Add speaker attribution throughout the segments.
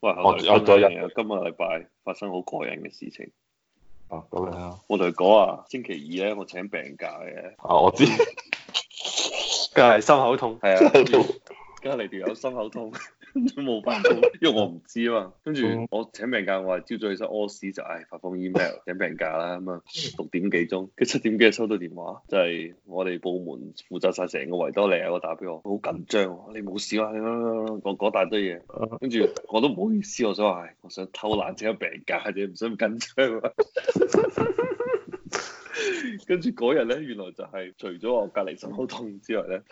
Speaker 1: 喂我有咗人日，今日禮拜發生好過癮嘅事情。哦，咁樣。我同你講啊，星期二咧，我請病假嘅。啊，我知。梗 係心口痛，係啊。隔離條友心口痛。 都冇發，因為我唔知啊嘛。跟住我請病假，我話朝早起身屙屎就，唉、哎，發封 email 請病假啦咁啊。六、嗯、點幾鐘，跟住七點幾收到電話，就係、是、我哋部門負責晒成個維多利亞，我打俾我，好緊張。你冇事啦，你講講大堆嘢。跟住我都唔好意思，我想話、哎，我想偷懶請病假啫，唔使咁緊張。 跟住嗰日咧，原來就係除咗我隔籬心好痛之外咧，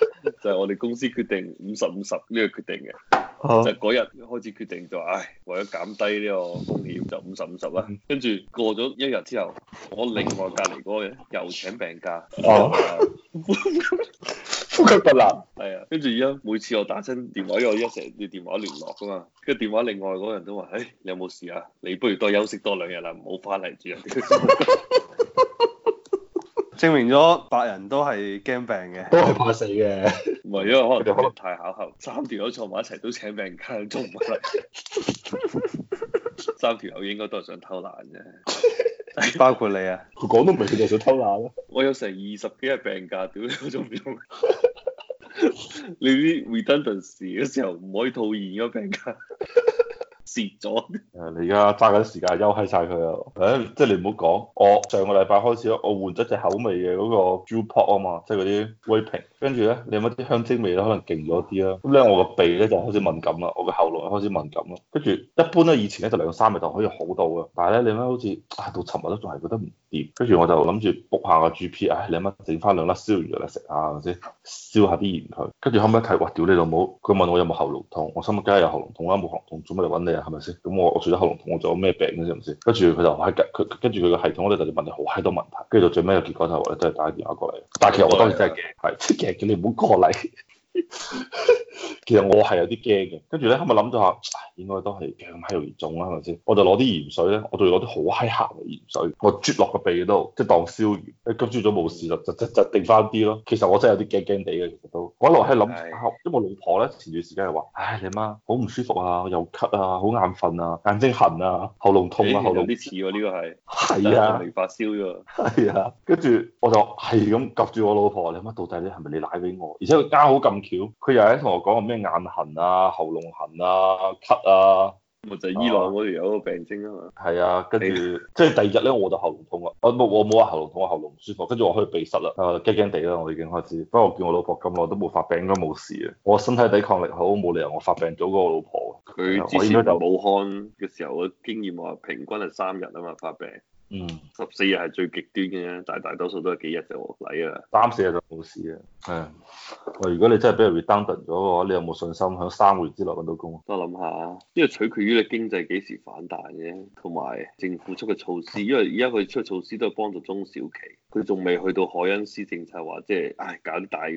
Speaker 1: 就係、是、我哋公司決定五十五十呢個決定嘅，啊、就係嗰日開始決定就話，唉，為咗減低呢個風險就五十五十啦。跟住過咗一日之後，我另外隔籬嗰個人又請病假，呼吸困難，係啊。跟住而家每次我打親電話，因為我一成日要電話聯絡噶嘛，跟住電話另外嗰個人都話，唉、哎，你有冇事啊？你不如多休息多兩日啦，唔好翻嚟住啊。 證明咗白人都係驚病嘅，
Speaker 2: 都係怕死嘅。唔係，因
Speaker 1: 為可能佢哋太巧合，三條友坐埋一齊都請病假，你做唔得。 三條友應該都係想偷懶
Speaker 2: 啫， 包括你啊。佢講都唔係佢哋想偷懶咯、啊。
Speaker 1: 我有成二十幾日病假，屌 你仲唔用？你啲 redundancy 嘅時候唔可以套現個病假。 蝕咗
Speaker 2: 誒！你而家揸緊時間休息晒佢啊！誒，即係你唔好講，我上個禮拜開始我換咗一隻口味嘅嗰個 Juul pod 啊嘛，即係嗰啲 Vaping。跟住咧，你有冇啲香精味咧，可能勁咗啲啦。咁咧，我個鼻咧就開始敏感啦，我個喉嚨開始敏感咯。跟住一般咧，以前咧就嚟到三日就可以好到嘅，但係咧你乜好似啊到尋日都仲係覺得唔掂。跟住我就諗住卜下個 GP，啊，你乜整翻兩粒燒魚嚟食下係咪先？或者燒下啲鹽佢。跟住後尾，一睇，哇！屌你老母！佢問我有冇喉嚨痛，我心諗梗係有喉嚨痛啦，冇、啊、喉嚨痛做乜嚟揾你？係咪先？咁我我除咗喉嚨痛，我仲有咩病咧？知唔知？跟住佢就喺佢，跟住佢個系統咧，就問你好閪多問題。跟住到最尾個結果我就話你都係打電話過嚟。但係其實我當時真係驚，係即係叫你唔好過嚟。 其實我係有啲驚嘅，跟住咧後咪諗咗下、哎，應該都係驚係容易腫啦，係咪先？我就攞啲鹽水咧，我仲要攞啲好閪鹹嘅鹽水，我啜落個鼻度，即係當消炎。咁啜咗冇事啦，就就，就，就定翻啲咯。其實我真係有啲驚驚地嘅，其實都。我一路喺諗，因為我老婆咧前段時間又話：，唉、哎，你媽好唔舒服啊，又咳啊，好眼瞓啊，眼睛痕啊，喉嚨痛啊，喉嚨有啲似喎，呢個係係啊，發燒咗。係啊，跟住、欸、 我就係咁夾住我老婆，你媽到底你係咪你奶俾我？而且啱好咁巧，佢又係同我講個咩？眼痕啊，喉嚨痕啊，咳、咳啊，就伊朗嗰度有一個病徵啊嘛。係 啊，跟住、啊、 即係第二日咧，我就喉嚨痛啊。我冇我冇話喉嚨痛，我喉嚨唔舒服，跟住我開始鼻塞啦，啊，驚驚地啦，我已經開始。不過我見我老婆咁耐都冇發病，應該冇事啊。我身體抵抗力好，冇理由我發病早過我老婆。佢之前就武
Speaker 1: 漢嘅時候嘅經驗話，平均係三日啊嘛發病。嗯，十四日係最
Speaker 2: 極端嘅，但係大多數都係幾日就落底啊，三四日就冇事啊，係啊的。喂，如果你真係俾人 redundant 咗嘅話，你有冇信心響三個月之內搵到工啊？我諗下，因為取決
Speaker 1: 於你經濟幾時反彈嘅，同埋政府出嘅措施，因為而家佢出嘅措施都係幫助中小企，佢仲未去到凱恩斯政策話，即係唉揀大型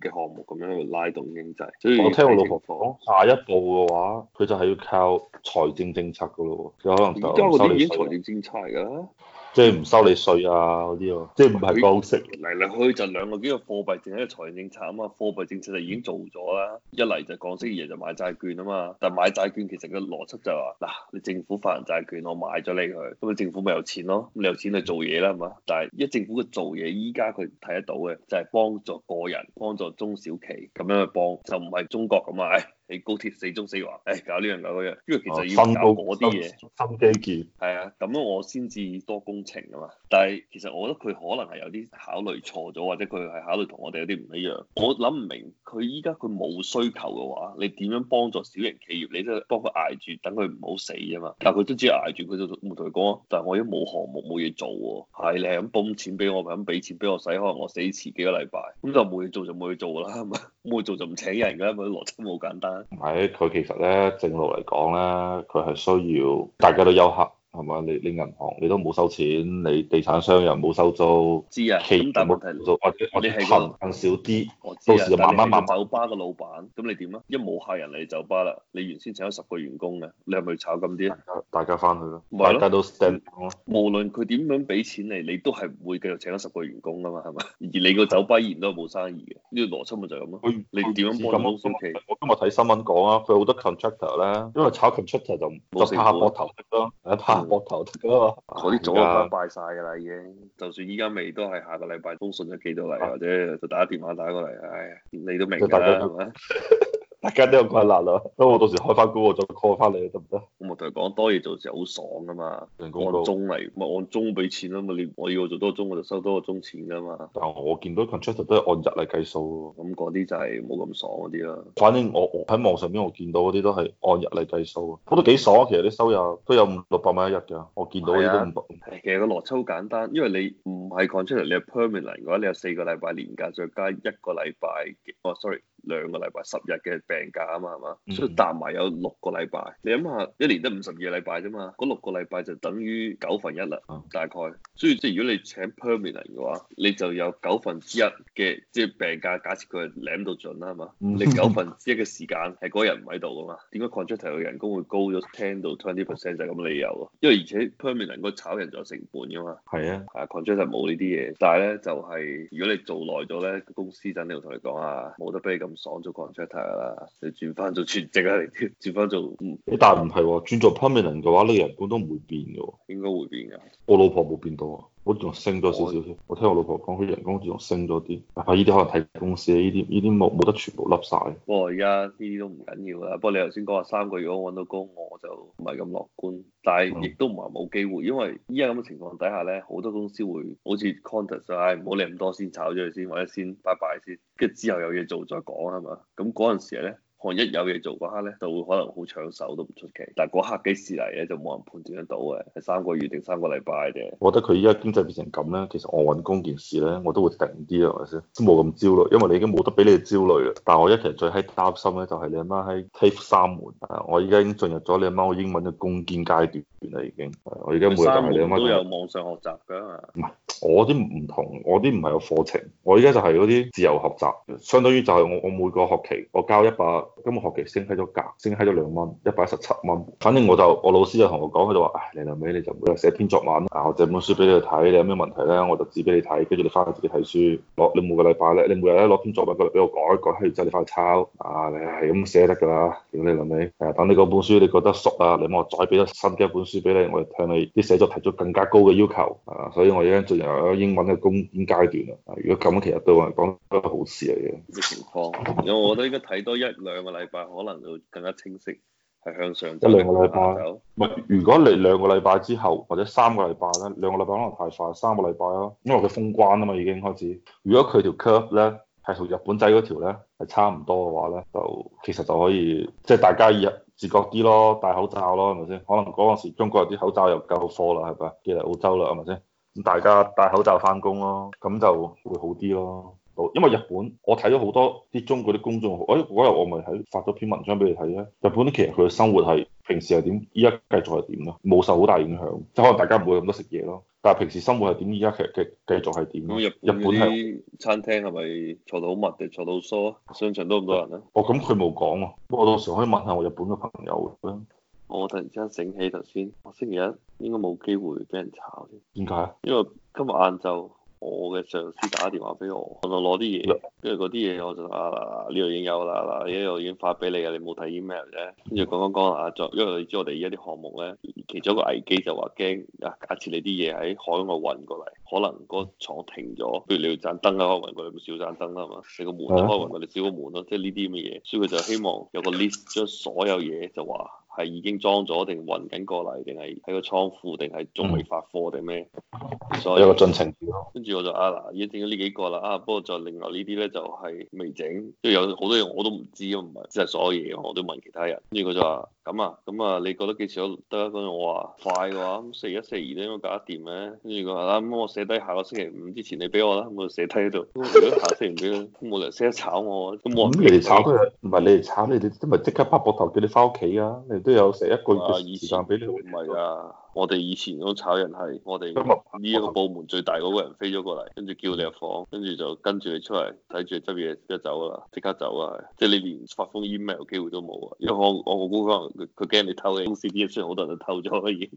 Speaker 1: 嘅項目
Speaker 2: 咁樣去拉動經濟。所以我聽我老婆講，下一步嘅話，佢就係要靠財政政策噶咯，佢可能就收緊財政政策噶。即係唔收你稅啊嗰啲、啊，即係唔係降息嚟嚟
Speaker 1: 去，就兩個幾個貨幣政策一個財
Speaker 2: 政政策啊嘛，貨
Speaker 1: 幣政策就已經做咗啦，一嚟就降息，二嚟就買債券啊嘛，但係買債券其實個邏輯就話、是、嗱、啊，你政府發行債券，我買咗你去，咁你政府咪有錢咯，咁你有錢去做嘢啦嘛，但係一政府嘅做嘢，依家佢睇得到嘅就係、是、幫助個人，幫助中小企咁樣去幫，就唔係中國咁買。你高鐵四縱四橫，誒、哎、搞呢樣搞嗰樣，因為其實要搞嗰啲嘢，
Speaker 2: 新基建。
Speaker 1: 係啊，咁、啊、樣我先至多工程啊嘛。但係其實我覺得佢可能係有啲考慮錯咗，或者佢係考慮同我哋有啲唔一樣。我諗唔明，佢依家佢冇需求嘅話，你點樣幫助小型企業？你都係幫佢挨住，等佢唔好死啫嘛。但係佢都只係挨住，佢就冇同佢講啊。但係我而家冇項目，冇嘢做喎、哦。係你係咁補錢俾我，係咁俾錢俾我使，可能我死遲幾個禮拜。咁就冇嘢做就冇嘢做啦，係咪？唔會做就唔請人㗎啦，佢邏輯好簡單。
Speaker 2: 唔係，佢其實呢正路嚟講咧，佢係需要大家都休息。係嘛？你你銀行你都冇收錢，你地產商又冇收租，知啊？咁但係我哋係少啲，到時就慢慢問。酒
Speaker 1: 吧嘅老闆，咁你點啊？一冇客人嚟酒吧啦，你原先請咗十個員工嘅，你係咪炒咁啲？大家翻去咯，大家都 stand 無論佢點樣俾錢你，你都係唔會繼續請咗十個員工㗎嘛？係咪？而你個酒吧依然都係冇生意嘅，呢個邏輯咪就咁咯。
Speaker 2: 你點樣幫到先？我今日睇新聞講啊，佢好多 contractor 啦，因為炒
Speaker 1: contractor 就冇怕搏頭咯，
Speaker 2: 膊頭嗰啲早都快
Speaker 1: 敗曬㗎啦，哎、呀已經就算依家未，都係下個禮拜通訊咗寄到嚟，啊、或者就打電話打過嚟。唉，你都明白啦，係咪？
Speaker 2: 吧 大家都有困難啦，咁我到時開翻工，我再 call 翻你得唔得？行
Speaker 1: 行我咪同佢講，多嘢做時候好爽噶嘛，按，按鐘嚟，咪按鐘俾錢咯，嘛。你我要
Speaker 2: 做多個鐘，我就收多個鐘錢噶嘛。但係我見到 contractor 都係按日嚟計數，咁嗰啲就係冇咁爽嗰啲啦。反正我我喺網上邊我見到嗰啲都係按日嚟計數，嗯我，我都幾爽。啊，其實啲收入都有五六百蚊一日㗎，我見到啲都唔百。其實個邏輯好簡單，因為
Speaker 1: 你唔係 contractor，你係 permanent 如果你有四個禮拜年假，再加一個禮拜哦，sorry。兩個禮拜十日嘅病假啊嘛，係嘛，mm hmm. 所以搭埋有六個禮拜。你諗下，一年得五十二個禮拜啫嘛，嗰六個禮拜就等於九分一啦，大概。Oh. 所以即係如果你請 permanent 嘅話，你就有九分之一嘅即係病假。假設佢係舐到盡啦，係嘛，你九分之一嘅時間係嗰人唔喺度噶嘛。點解 contractor 嘅人工會高咗 ten 到 twenty percent 就係咁理由？因為而且 permanent 個炒人就成本噶嘛。係 Yeah. 啊，contractor 冇呢啲嘢，但係咧就係如果你做耐咗咧，公司肯定會同你講啊，冇得
Speaker 2: 俾你咁。爽咗個人出嚟睇下啦，你轉翻做全職啊，你轉翻做嗯，但唔係、哦，轉做 permanent 嘅話，你人工都唔會變嘅喎？應該會變㗎，我老婆冇變到啊。我仲升咗少少，我聽我老婆講，佢人工仲升咗啲，但係呢啲可能睇公司啊，呢啲依啲冇冇得全部笠晒、哦。
Speaker 1: 不過而家呢啲都唔緊要啦。不過你頭先講話三個月我揾到工，我就唔係咁樂觀，但係亦都唔係冇機會，因為依家咁嘅情況底下咧，好多公司會好似 contact 啊、哎，唔好理咁多先，炒咗佢先，或者先拜拜先，跟住之後有嘢做再講係嘛？咁嗰陣時咧。韓一有嘢做嗰刻咧，就會可能好搶手都唔出奇。但係嗰刻幾時嚟咧，就冇人判斷得到嘅，係三個月定三個禮拜嘅。
Speaker 2: 我覺得佢依家經濟變成咁咧，其實我揾工件事咧，我都會定啲啦，係咪先？都冇咁焦慮，因為你已經冇得俾你哋焦慮啦。但係我一其實最喺擔心咧，就係你阿媽喺開三門啊！我而家已經進入咗你阿媽個英文嘅攻堅階段段啦，已經。我而家每日同你媽媽都有
Speaker 1: 網上學習㗎嘛、啊。
Speaker 2: 我啲唔同，我啲唔係個課程，我而家就係嗰啲自由學習，相當於就係我我每個學期我交一百，今個學期升級咗格，升級咗兩蚊，一百一十七蚊。反正我就我老師就同我講佢就話，唉，你老尾你就每日寫篇作文啦、啊，我借本書俾你睇，你有咩問題咧，我就指俾你睇，跟住你翻去自己睇書，攞你每個禮拜咧，你每日咧攞篇作文過嚟俾我改一改，跟住之後你翻去抄，啊，係咁寫得㗎啦。屌你諗你、啊？等你嗰本書你覺得熟啊，你幫我再俾多新嘅一本書俾你，我就向你啲寫作提出更加高嘅要求啊，所以我依家最英文嘅攻堅階段啦。如果咁，其實對我嚟講都係好事嚟嘅。啲情況，
Speaker 1: 因為我覺得應該睇多一兩個禮拜，可能就更加清晰，係向上。一兩個禮拜，
Speaker 2: 唔係如果嚟兩個禮拜之後或者三個禮拜咧，兩個禮拜可能太快，三個禮拜啦，因為佢封關啊嘛，已經開始。如果佢條 curve 咧係同日本仔嗰條咧係差唔多嘅話咧，就其實就可以即係、就是、大家要自覺啲咯，戴口罩咯，係咪先？可能嗰陣時中國有啲口罩又夠貨啦，係咪啊？寄嚟澳洲啦，係咪先？大家戴口罩翻工咯，咁就會好啲咯。好，因為日本我睇咗好多啲中國啲公眾號，哎，嗰日我咪喺發咗篇文章俾你睇啊。日本其實佢嘅生活係平時係點，依家繼續係點咯，冇受好大影響，即可能大家唔會咁多食嘢咯。但係平時生活係點，依家其實嘅繼續係點。咁日本啲
Speaker 1: 餐廳係咪坐到好密定坐到疏啊？商場都咁多人啊？
Speaker 2: 哦，咁佢冇講啊，不過到時可以問下我日本嘅朋友。
Speaker 1: 我突然之間醒起頭先，我星期一應該冇機會俾人炒。點解？因為今日晏晝我嘅上司打電話俾我，我攞啲嘢，跟住嗰啲嘢我就啦呢度已經有啦啦，呢度已經發俾你嘅，你冇睇 email 啫。跟住講講講啊，因為你知我哋而家啲項目咧，其中一個危機就話驚啊！假設你啲嘢喺海外運過嚟，可能個廠停咗，譬如你要盞燈啊，可以運過嚟少盞燈啦嘛，你個門可以運過嚟少個門咯，即係呢啲咁嘅嘢。所以佢就希望有個 list 將所有嘢就話。係已經裝咗，定運緊過嚟，定係喺個倉庫，定係仲未發貨定咩、嗯？所以有一個進程。跟住我就啊，嗱，已經整咗呢幾個啦。啊，不過就另外呢啲咧就係未整，跟住有好多嘢我都唔知啊，唔係，即係所有嘢我都問其他人。跟住佢就話。咁啊，咁啊，你覺得幾時都得，咁我話快嘅話，咁四一四二都應該搞得掂咧。跟住佢話，咁我寫低下，下個星期五之前你俾我啦。我寫低喺度，如果下星期唔俾咧，冇人寫低 炒我。咁我。咁嚟炒佢，唔
Speaker 2: 係、啊、你嚟炒你炒，都唔即刻拍膊頭叫你翻屋企啊！你都有寫一個月時以前俾
Speaker 1: 你，唔係啊。我哋以前嗰種炒人係，
Speaker 2: 我哋呢一個部門最大
Speaker 1: 嗰個人飛咗過嚟，跟住叫你入房，跟住就跟住你出嚟睇住執嘢，跟住走啦，即刻走啊！即係你連發封 email 機會都冇啊，因為我我我估可能佢佢驚你偷公司啲嘢，雖然好多人就偷咗可以。